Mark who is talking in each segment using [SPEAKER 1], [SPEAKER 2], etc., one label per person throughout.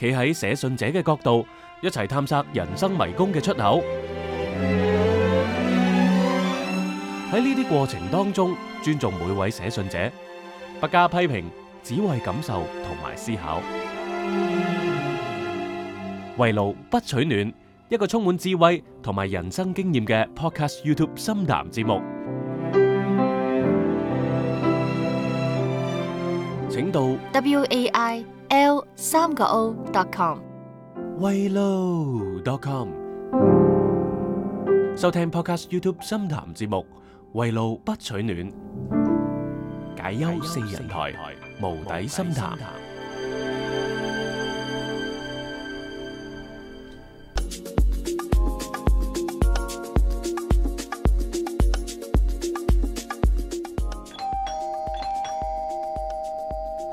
[SPEAKER 1] 企喺寫信者嘅角度，一齊探索人生迷宮嘅出口。喺呢啲過程當中，尊重每位寫信者，不加批評，只為感受同埋思考。圍爐不取暖，一個充滿智慧同埋人生經驗嘅 Podcast YouTube 深談節目。請到 WAI l 三個 o dot com，威路 dot com，收聽 Podcast YouTube 心談節目，威路不取暖，解憂四人台，無底心談。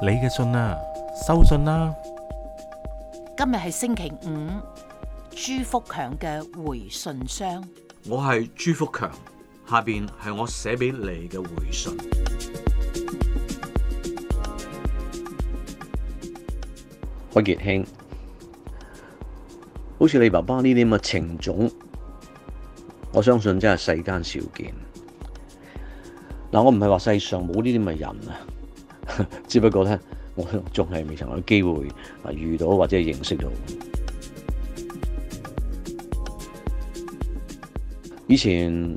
[SPEAKER 1] 你嘅信啊！收信啦、
[SPEAKER 2] 啊！今日係星期五，朱福強嘅回信箱。我係朱福強，下邊係我寫俾你嘅回信。屈杰興，好似你爸爸呢啲咁嘅情種，我相信真係世間少見。嗱，我唔係話世上冇呢啲咁嘅人啊，只不過咧，我仲係未曾有機會啊遇到或者認識到。以前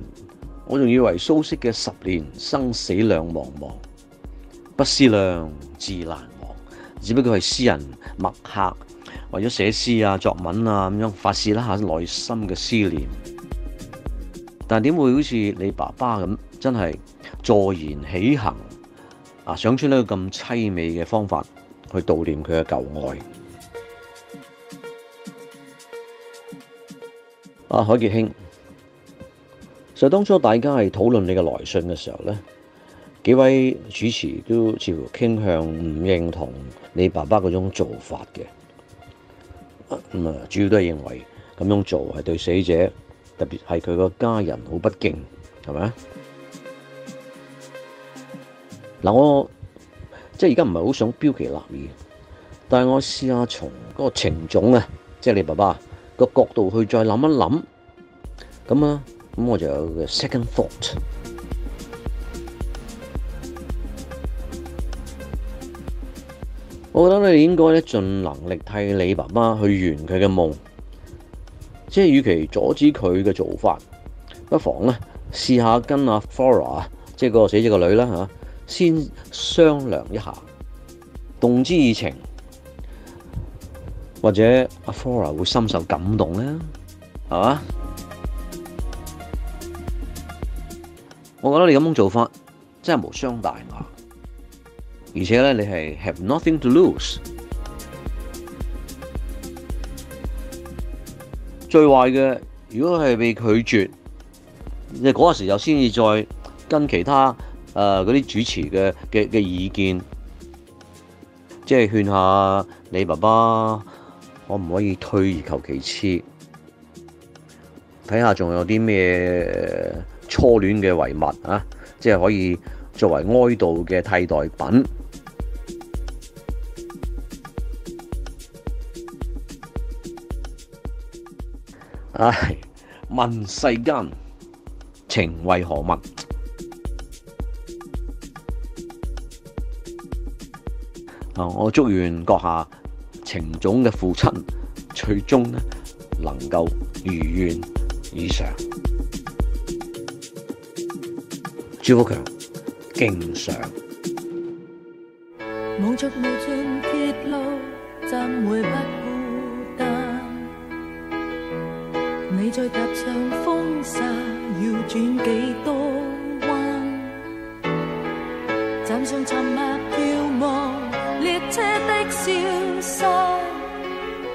[SPEAKER 2] 我仲以為蘇軾嘅十年生死兩茫茫，不思量，自難忘，只不過係詩人墨客為咗寫詩啊、作文啊咁樣發泄一下內心嘅思念。但點會好似你爸爸咁，真係坐言起行？啊！想出呢個咁淒美嘅方法去悼念佢嘅舊愛，阿海杰兄，所以當初大家係討論你嘅來信嘅時候咧，幾位主持都似乎傾向唔認同你爸爸嗰種做法嘅，咁啊，主要都係認為咁樣做係對死者，特別係佢個家人好不敬，係咪啊？嗱，我即係而家唔係好想標奇立異，但係我試下從嗰個情種即係、就是、你爸爸個角度去再諗一諗咁啊。咁我就有個 second thought，我覺得你應該盡能力替你爸爸去圓佢嘅夢，即係與其阻止佢嘅做法，不妨咧試下跟阿 Flora 即係個死者個女啦先商量一下，動之以情，或者阿 Flora 會深受感動咧，係嘛？ 我覺得你咁樣做法真係無傷大雅，而且咧你係 have nothing to lose。 最壞嘅，如果係被拒絕，你嗰陣時又先至再跟其他。誒嗰啲主持嘅嘅嘅意見，即係勸下你爸爸，可唔可以退而求其次，睇下仲有啲咩初戀嘅遺物啊，即係可以作為哀悼嘅替代品，哎。唉，問世間情為何物？啊！我祝願閣下情種嘅父親最終呢能夠如願以償，朱福強敬上。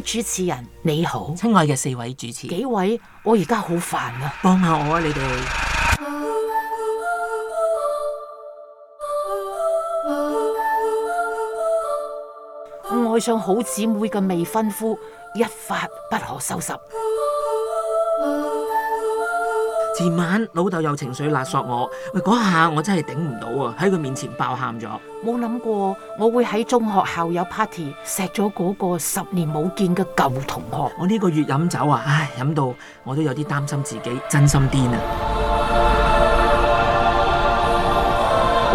[SPEAKER 2] 主持人，你好，親愛嘅四位主持，幾位，我而家好煩啊，幫下我啊，你哋！愛上好姊妹嘅未婚夫，一發不可收拾。前晚老豆有情緒勒索我，喂嗰下我真係頂唔到啊！喺佢面前爆喊咗。冇諗過，我會喺中學校友 party，錫咗嗰個十年冇見嘅舊同學。我呢個月飲酒啊，唉，飲到我都有啲擔心自己，真心癲啊！